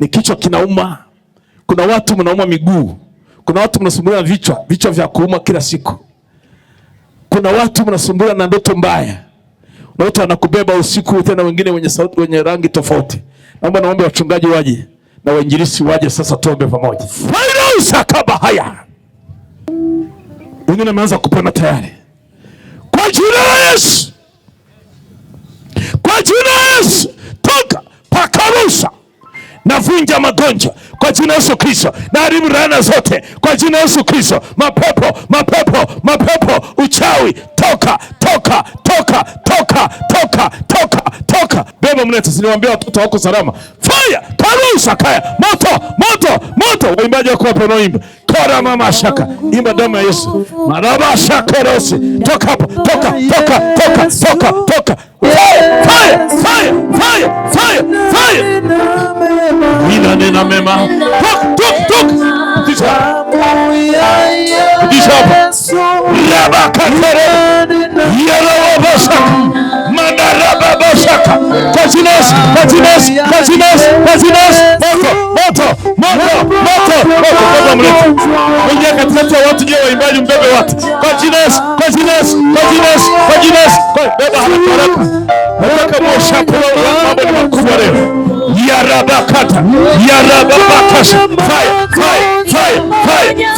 ni kichwa kinauma. Kuna watu mnauma miguu, kuna watu mnasumbuliwa na vichwa vichwa vya kuuma kila siku, kuna watu mnasumbuliwa na ndoto mbaya, na watu wanakubeba usiku, tena wengine wenye sauti, wenye rangi tofauti. Naomba naombe wachungaji waje na wainjilisi waje, sasa tuombe pamoja. kaba haya, wengine wameanza kupona tayari, kwa jina la Yesu, kwa jina la Yesu, toka pakarusa Navunja magonjwa kwa jina Yesu Kristo, naharibu laana zote kwa jina Yesu Kristo. Mapepo, mapepo, mapepo, uchawi, toka, toka, toka, toka, toka, toka, toka. Beba mnetesi, niwaambia watoto wako salama. Fire karusha kaya, moto, moto, moto. Waimbaji wako hapo wanaoimba kora mama shaka, imba damu ya Yesu, maraba shaka rosi, toka hapo, toka, toka, toka, toka, toka, fire, fire, fire, fire maneno mema. Ingia katikati ya watu, je, waimbaji mbebe watu kwa jina Yesu, kwa jina Yesu, kwa jina Yesu, kwa jina Yesu, beba haraka haraka, nataka moshapolo. Mambo ni makubwa leo yarabakata yarabakasha fire fire fire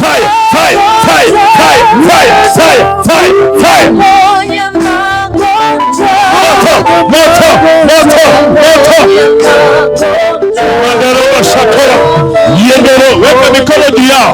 fire fire fire fire fire fire fire fire moto moto moto moto, weka mikono juu yao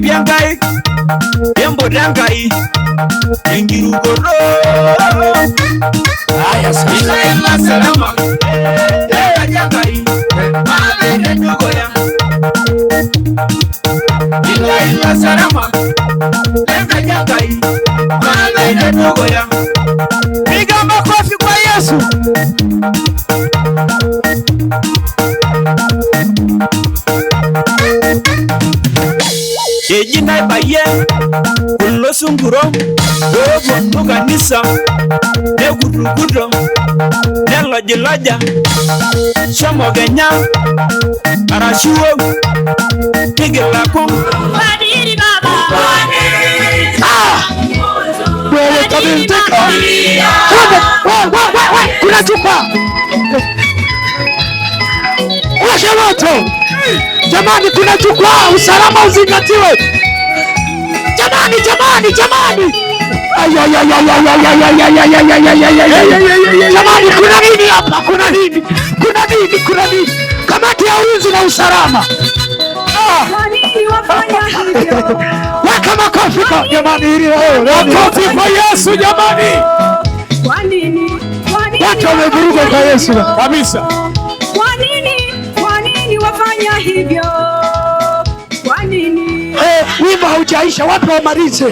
byangai embo dangai ingirugoro aya sala salama aya dangai mabe nyogoya ila ila salama aya dangai mabe nyogoya bigamba kofi kwa yesu abayie kulo sunguro kanisa nekutukuto nelojiloja shomo kenya arashu wou nigilaku werekabinteka kuna jukwaa usalama uzingatiwe Jamani, jamani, jamani, jamani, kuna nini hapa? Kuna nini? Kuna nini? Kuna nini? Kamati ya ulinzi na usalama, ah! weka makofi kwa jamani, makofi kwa Yesu jamani, watu wamevuruga kwa Yesu kabisa. Kwa nini? Kwa nini wafanya hivyo? haujaisha, wape wamalize.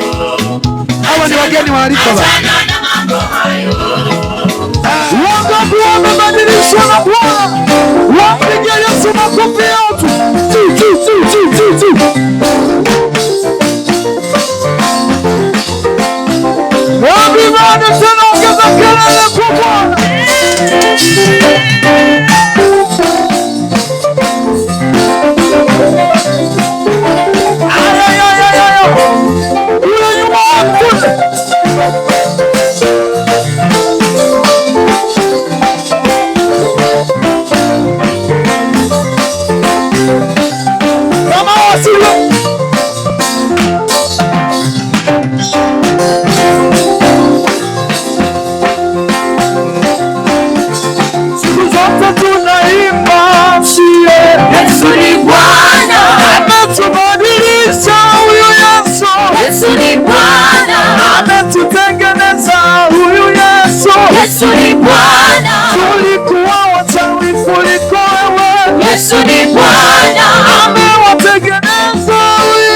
Hawa ni wageni waalikwa wangabua mabadilisho na Bwana wapige Yesu makofi yetu wavimane tena, ongeza kelele kwa Bwana. Yesu ni Bwana, tulikuwa wachawi kuliko wewe. Yesu ni Bwana, amewatengeneza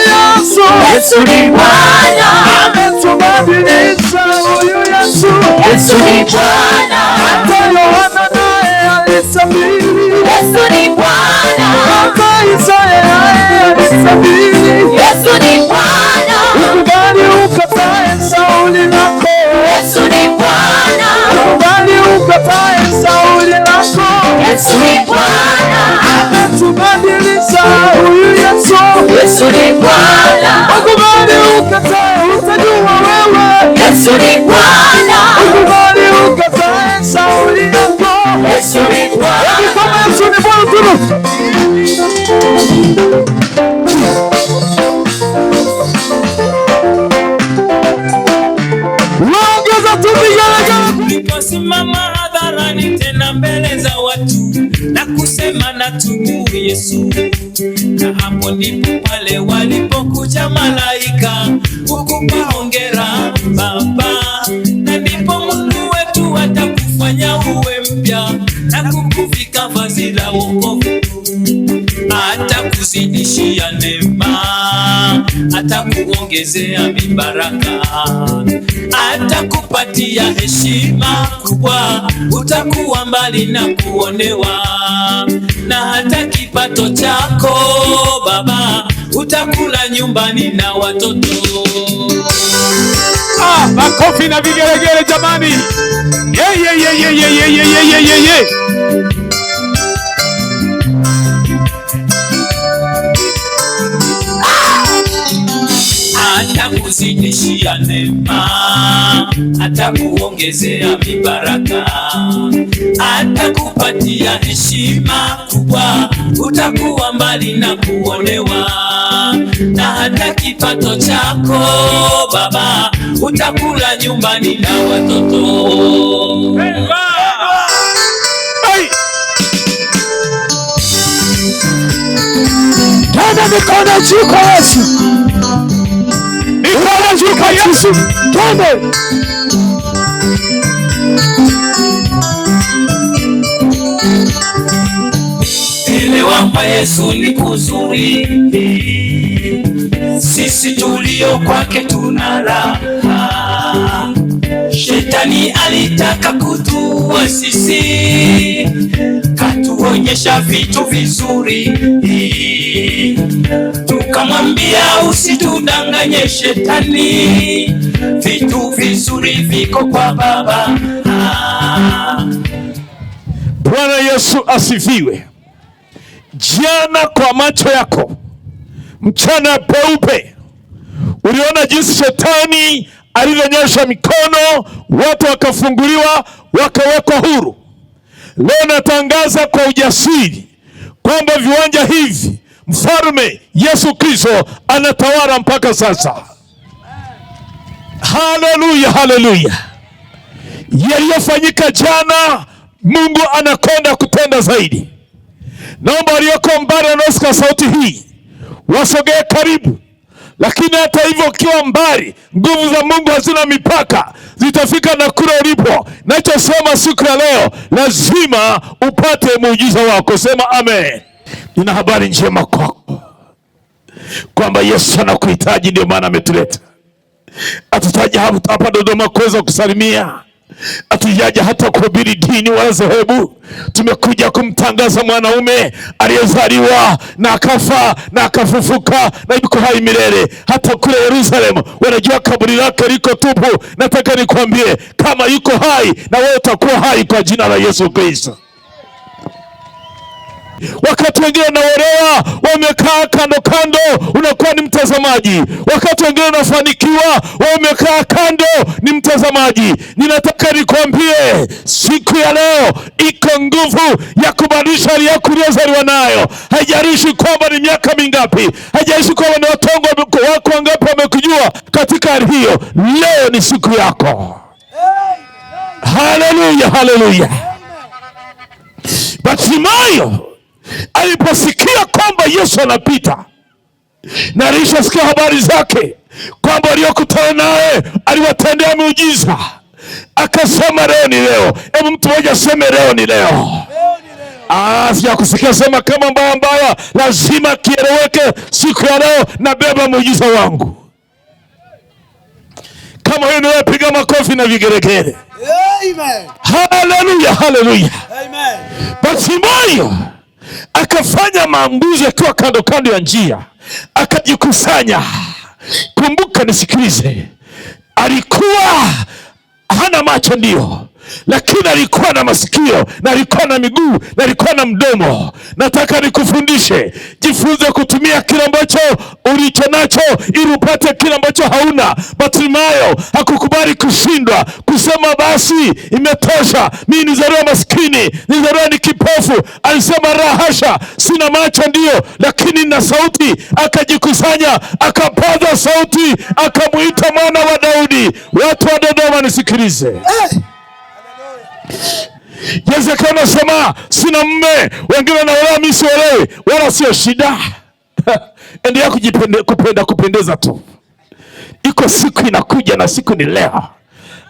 Yesu. Yesu ni Bwana, ametubadilisha huyu Yesu. Yesu ni Bwana, hata Yohana Yesu hadharani tena mbele za watu na kusema na tubu Yesu, na hapo ndipo pale walipokuja malaika tangu kufika vazi la wokovu, atakuzidishia neema, atakuongezea mibaraka, atakupatia heshima kubwa, utakuwa mbali na kuonewa, na hata kipato chako baba utakula nyumbani na watoto. Ah, makofi na vigelegele jamani! yeah, yeah, yeah, yeah, yeah, yeah, yeah atakuzidishia neema, atakuongezea mibaraka, atakupatia heshima kubwa, utakuwa mbali na kuonewa na hata kipato chako baba utakula nyumbani na watoto. Hey, mikono juu kwa Yesu, mikono juu kwa Yesu, twende Niliwampa Yesu ni kuzuri, sisi tulio kwake tuna raha Shetani alitaka kutuua sisi, katuonyesha vitu vizuri, tukamwambia usitudanganye Shetani, vitu vizuri viko kwa Baba. Bwana Yesu asifiwe. Jana kwa macho yako mchana peupe uliona jinsi shetani alivyonyesha mikono, watu wakafunguliwa, wakawekwa huru. Leo natangaza kwa ujasiri kwamba viwanja hivi mfalme Yesu Kristo anatawala mpaka sasa. Haleluya, haleluya! Yaliyofanyika jana, Mungu anakwenda kutenda zaidi. Naomba walioko mbali wanaosikia sauti hii wasogee karibu, lakini hata hivyo, ukiwa mbali, nguvu za Mungu hazina mipaka, zitafika na kule ulipo. Nachosema siku ya leo, lazima upate muujiza wako. Sema amen. Nina habari njema kwako kwamba Yesu anakuhitaji, ndio maana ametuleta. Atutaja hapa Dodoma kuweza kusalimia Hatujaja hata kuhubiri dini wala dhehebu. Tumekuja kumtangaza mwanaume aliyezaliwa na akafa na akafufuka na yuko hai milele. Hata kule Yerusalemu wanajua kaburi lake liko tupu. Nataka nikwambie, kama yuko hai na wewe utakuwa hai kwa jina la Yesu Kristo. Wakati wengine unaolewa, wamekaa kando kando, unakuwa ni mtazamaji. Wakati wengine unafanikiwa, wamekaa kando, ni mtazamaji. Ninataka nikwambie siku ya leo iko nguvu ya kubadilisha hali yako uliozaliwa nayo. Haijalishi kwamba ni miaka mingapi, haijalishi kwamba ni watongo wako wangapi wamekujua katika hali hiyo, leo ni siku yako. Haleluya, haleluya! Bartimayo aliposikia kwamba Yesu anapita na alishasikia habari zake kwamba aliyokutana naye aliwatendea miujiza, akasema leo ni leo. Hebu mtu mmoja aseme leo ni leo. Ah, Sija kusikia sema kama mbaya mbaya, lazima kieleweke. Siku ya leo nabeba muujiza wangu. Kama hiyo wewe, piga makofi na vigeregere. Haleluya, haleluya, basi moyo akafanya maambuzi akiwa kando kando ya njia, akajikusanya. Kumbuka nisikilize, alikuwa hana macho, ndio lakini alikuwa na masikio na alikuwa na miguu na alikuwa na mdomo. Nataka nikufundishe, jifunze kutumia kile ambacho ulicho nacho ili upate kile ambacho hauna. Bartimayo hakukubali kushindwa, kusema basi imetosha, mi nizaliwa maskini, nizaliwa ni kipofu. Alisema rahasha, sina macho ndio lakini na sauti. Akajikusanya, akapaza sauti, akamwita mwana wa Daudi. Watu wa Dodoma nisikilize, hey. Yawezekana sema sina mme, wengine wanaolewa, mimi siolewi, wala sio shida. Endelea kujipende, kupenda kupendeza tu. Iko siku inakuja, na siku ni leo.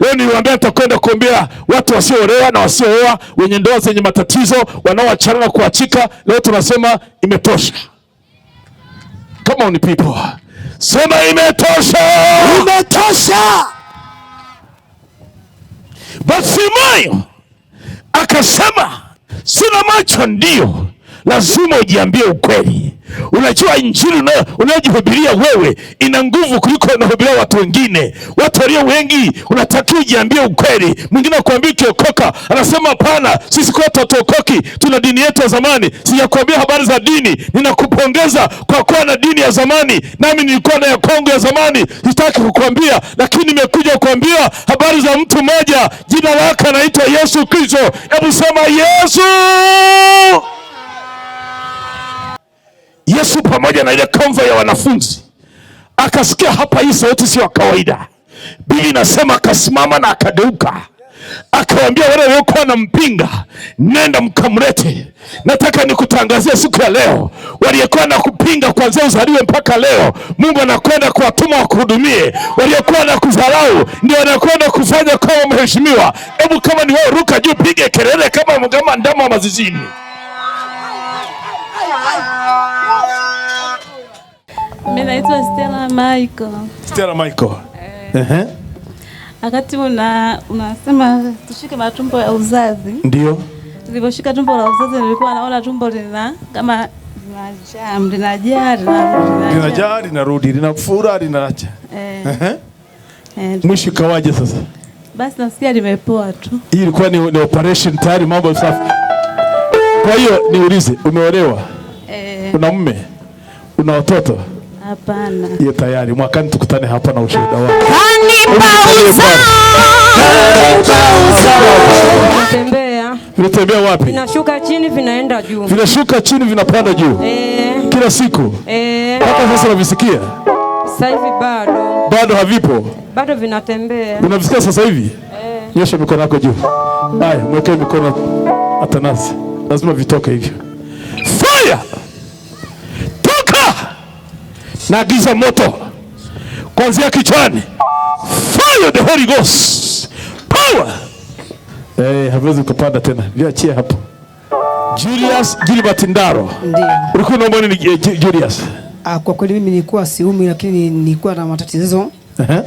Leo niliwaambia nitakwenda kuombea watu wasioolewa na wasiooa, wenye ndoa zenye matatizo, wanaoachana na kuachika. Leo tunasema imetosha. Come on people, sema imetosha, imetosha. Basi moyo Akasema sina macho, ndiyo lazima ujiambie ukweli. Unajua injili unayojihubiria wewe ina nguvu kuliko unahubiria watu wengine. Watu walio wengi unatakiwa ujiambie ukweli. Mwingine akuambia ukiokoka, anasema hapana, sisi kwetu hatuokoki, tuna dini yetu ya zamani. Sijakuambia habari za dini. Ninakupongeza kwa kuwa na dini ya zamani, nami nilikuwa na ya Kongo ya zamani. Sitaki kukuambia, lakini nimekuja kuambia habari za mtu mmoja, jina lake anaitwa Yesu Kristo. Hebu sema Yesu Yesu pamoja na ile konvo ya wanafunzi akasikia hapa, hii sauti sio kawaida. Biblia inasema akasimama na akageuka, akawambia wale waliokuwa mpinga nenda mkamlete. Nataka nikutangazia siku ya leo, waliokuwa kupinga kuanzia uzaliwe mpaka leo, Mungu anakwenda kuwatuma wakuhudumie. Waliokuwa na kudharau ndio wanakwenda kufanya kama mheshimiwa. Hebu kama ni wao, ruka juu, pige kelele kama mgama ndama wa mazizini. Mimi naitwa Stella Michael. Stella Michael. Eh. Uh Wakati una unasema tushike matumbo ya uzazi. Ndio. Niliposhika tumbo la uzazi nilikuwa naona tumbo lina kama linajaa, linajaa, linajaa, linarudi, linafura, linaacha. Eh. Uh -huh. Eh. Mwisho kawaje sasa? Basi nasikia limepoa tu. Hii ilikuwa ni, ni operation tayari mambo safi. Kwa hiyo niulize, umeolewa? Eh. Una mume? Una watoto? Hapana. Hiyo tayari mwakani tukutane hapa na ushuhuda wako. Natembea. wapi? Vinashuka chini vinaenda juu. Vinashuka chini vinapanda juu. Eh. Kila siku. Eh. Hata sasa unavisikia? Sasa hivi bado. Bado havipo. Bado vinatembea. Unavisikia sasa hivi? Eh. Nyosha mikono yako juu. Haya, mwekee mikono Atanasi. Lazima vitoke hivyo. Fire! Naagiza moto kuanzia kichwani, fire the Holy Ghost power. Eh, hawezi kupanda tena, niachie hapo. Julius Gilbert Ndaro, ndio ulikuwa unaomba ni eh, Julius? Ah, kwa kweli mimi nilikuwa siumi, lakini nilikuwa na matatizo uh -huh.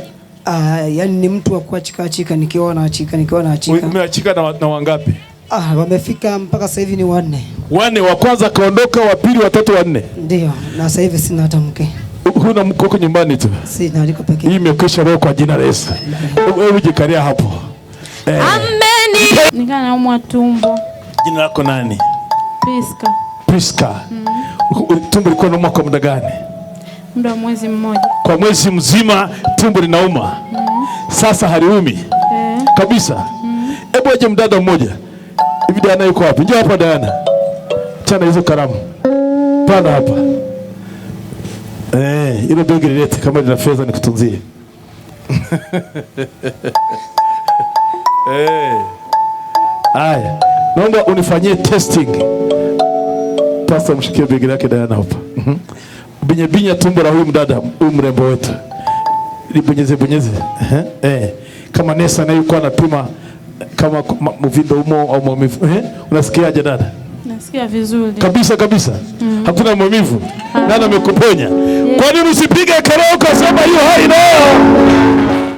Ah, yani ni mtu wa kuachika achika, nikiwa na achika, nikiwa na achika. Umeachika na, na wangapi? Ah, wamefika mpaka sasa hivi ni wanne. Wanne wa kwanza kaondoka, wa pili, wa tatu, wa nne. Ndio, na sasa hivi sina hata mke. Huna mkoko nyumbani tu? Sina, niko peke yangu. Imekwisha roho kwa jina la Yesu. Wewe jikalia hapo. Eh. Amen. Nikaa naumwa tumbo. Jina lako nani? Priska. Priska. Mm -hmm. Tumbo liko nauma kwa muda gani? Muda wa mwezi mmoja. Kwa mwezi mzima tumbo linauma. Mm Sasa haliumi. Eh. Kabisa. Mm -hmm. aje mdada mmoja. Hivi Diana yuko wapi? Njoo hapa Diana. Chana hizo karamu. Pana hapa. Eh, ile begi lilete kama lina fedha nikutunzie. Eh. Aya. Naomba unifanyie testing. Pasta mshikie begi lake Diana hapa. Binya mhm. binya tumbo la huyu mdada, huyu mrembo wetu. Libonyeze bonyeze. Eh. Kama Nesa naye yuko anapima kama mvindo umo au maumivu. Eh? Unasikiaje dada? Nasikia vizuri. Kabisa kabisa. Mm. Hakuna maumivu. Nani amekuponya? Yeah. Kwa nini usipige kelele ukasema hiyo hai nayo?